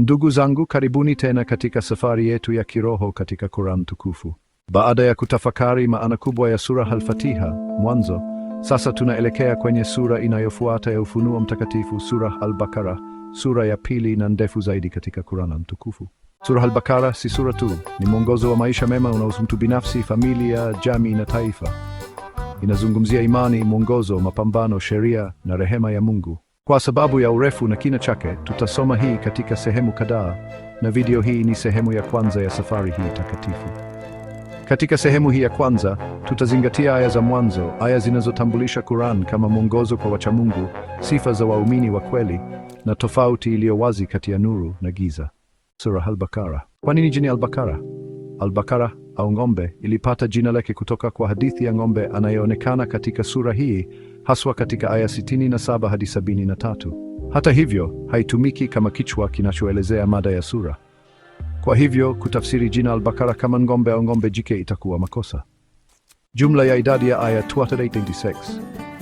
Ndugu zangu, karibuni tena katika safari yetu ya kiroho katika Qur'an tukufu. Baada ya kutafakari maana kubwa ya sura Al-Fatiha mwanzo, sasa tunaelekea kwenye sura inayofuata ya Ufunuo Mtakatifu, sura Al-Baqara, sura ya pili na ndefu zaidi katika Qur'an mtukufu. Sura Al-Baqara si sura tu, ni mwongozo wa maisha mema unaohusu mtu binafsi, familia, jamii na taifa. Inazungumzia imani, mwongozo, mapambano, sheria na rehema ya Mungu. Kwa sababu ya urefu na kina chake, tutasoma hii katika sehemu kadhaa, na video hii ni sehemu ya kwanza ya safari hii takatifu. Katika sehemu hii ya kwanza, tutazingatia aya za mwanzo, aya zinazotambulisha Qur'an kama mwongozo kwa wachamungu, sifa za waumini wa kweli na tofauti iliyo wazi kati ya nuru na giza. Surah Al-Baqara. Kwa nini jina Al-Baqara? Al-Baqara au ng'ombe ilipata jina lake kutoka kwa hadithi ya ng'ombe anayeonekana katika sura hii haswa katika aya 67 hadi 73. Hata hivyo, haitumiki kama kichwa kinachoelezea mada ya sura. Kwa hivyo, kutafsiri jina al-Baqara kama ng'ombe au ng'ombe jike itakuwa makosa. Jumla ya idadi ya aya 286.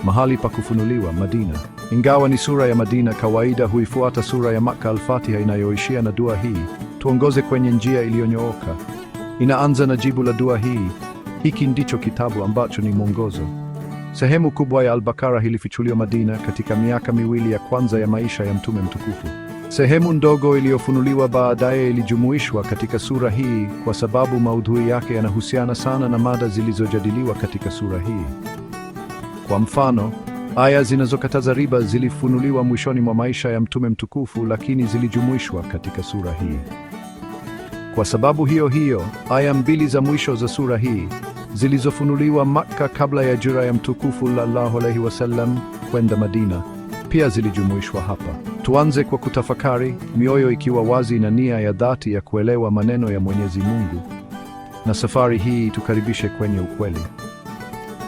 Mahali pa kufunuliwa Madina. Ingawa ni sura ya Madina, kawaida huifuata sura ya Makka al-Fatiha inayoishia na dua hii, tuongoze kwenye njia iliyonyooka. Inaanza na jibu la dua hii. Hiki ndicho kitabu ambacho ni mwongozo. Sehemu kubwa ya al ilifichuliwa Madina katika miaka miwili ya kwanza ya maisha ya Mtume mtukufu. Sehemu ndogo iliyofunuliwa baadaye ilijumuishwa katika sura hii kwa sababu maudhui yake yanahusiana sana na mada zilizojadiliwa katika sura hii. Kwa mfano, aya zinazokataza riba zilifunuliwa mwishoni mwa maisha ya Mtume mtukufu lakini zilijumuishwa katika sura hii. Kwa sababu hiyo hiyo, aya mbili za mwisho za sura hii zilizofunuliwa Makka kabla ya hijra ya mtukufu sallallahu alaihi wasallam kwenda Madina pia zilijumuishwa hapa. Tuanze kwa kutafakari, mioyo ikiwa wazi na nia ya dhati ya kuelewa maneno ya Mwenyezi Mungu, na safari hii itukaribishe kwenye ukweli.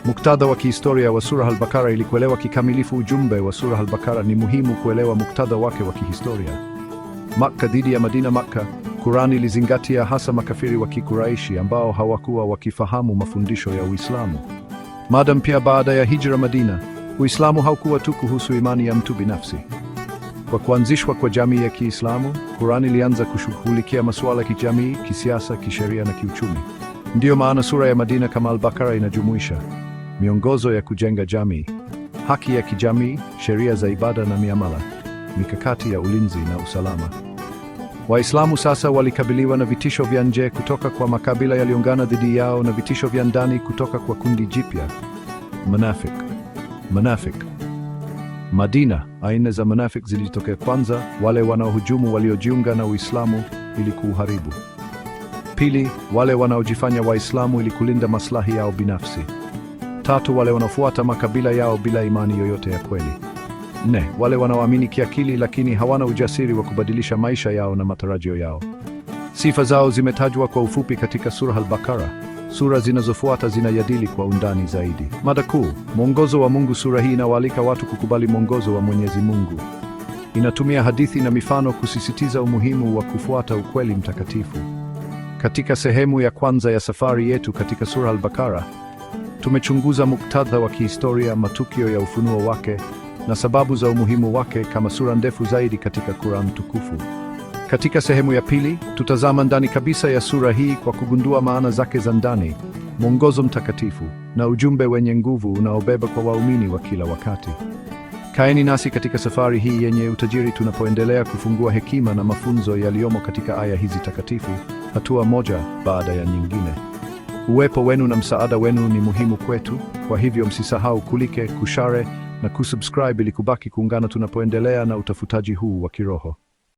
Muktadha wa kihistoria wa Sura al-Baqara. Ili kuelewa kikamilifu ujumbe wa Sura al-Baqara, ni muhimu kuelewa muktadha wake wa kihistoria. Makka dhidi ya Madina. Makka Kurani ilizingatia hasa makafiri wa Kikuraishi ambao hawakuwa wakifahamu mafundisho ya Uislamu. Madam pia baada ya hijra Madina, Uislamu haukuwa tu kuhusu imani ya mtu binafsi. Kwa kuanzishwa kwa jamii ya Kiislamu, Kurani ilianza kushughulikia masuala ya kijamii, kisiasa, kisheria na kiuchumi. Ndiyo maana sura ya Madina kama Al-Baqara inajumuisha miongozo ya kujenga jamii, haki ya kijamii, sheria za ibada na miamala, mikakati ya ulinzi na usalama. Waislamu sasa walikabiliwa na vitisho vya nje kutoka kwa makabila yaliungana dhidi yao na vitisho vya ndani kutoka kwa kundi jipya Manafik. Manafik. Madina, aina za Manafik zilitokea kwanza, wale wanaohujumu waliojiunga na Uislamu ili kuuharibu. Pili, wale wanaojifanya Waislamu ili kulinda maslahi yao binafsi. Tatu, wale wanaofuata makabila yao bila imani yoyote ya kweli. Nne, wale wanaoamini kiakili lakini hawana ujasiri wa kubadilisha maisha yao na matarajio yao. Sifa zao zimetajwa kwa ufupi katika sura Al-Baqara. Sura zinazofuata zinajadili kwa undani zaidi. Mada kuu: mwongozo wa Mungu. Sura hii inawaalika watu kukubali mwongozo wa Mwenyezi Mungu. Inatumia hadithi na mifano kusisitiza umuhimu wa kufuata ukweli mtakatifu. Katika sehemu ya kwanza ya safari yetu katika sura Al-Baqara, tumechunguza muktadha wa kihistoria, matukio ya ufunuo wake na sababu za umuhimu wake kama sura ndefu zaidi katika Qur'an tukufu. Katika sehemu ya pili, tutazama ndani kabisa ya sura hii kwa kugundua maana zake za ndani, mwongozo mtakatifu na ujumbe wenye nguvu unaobeba kwa waumini wa kila wakati. Kaeni nasi katika safari hii yenye utajiri tunapoendelea kufungua hekima na mafunzo yaliyomo katika aya hizi takatifu, hatua moja baada ya nyingine. Uwepo wenu na msaada wenu ni muhimu kwetu, kwa hivyo msisahau kulike, kushare na kusubscribe ili kubaki kuungana tunapoendelea na utafutaji huu wa kiroho.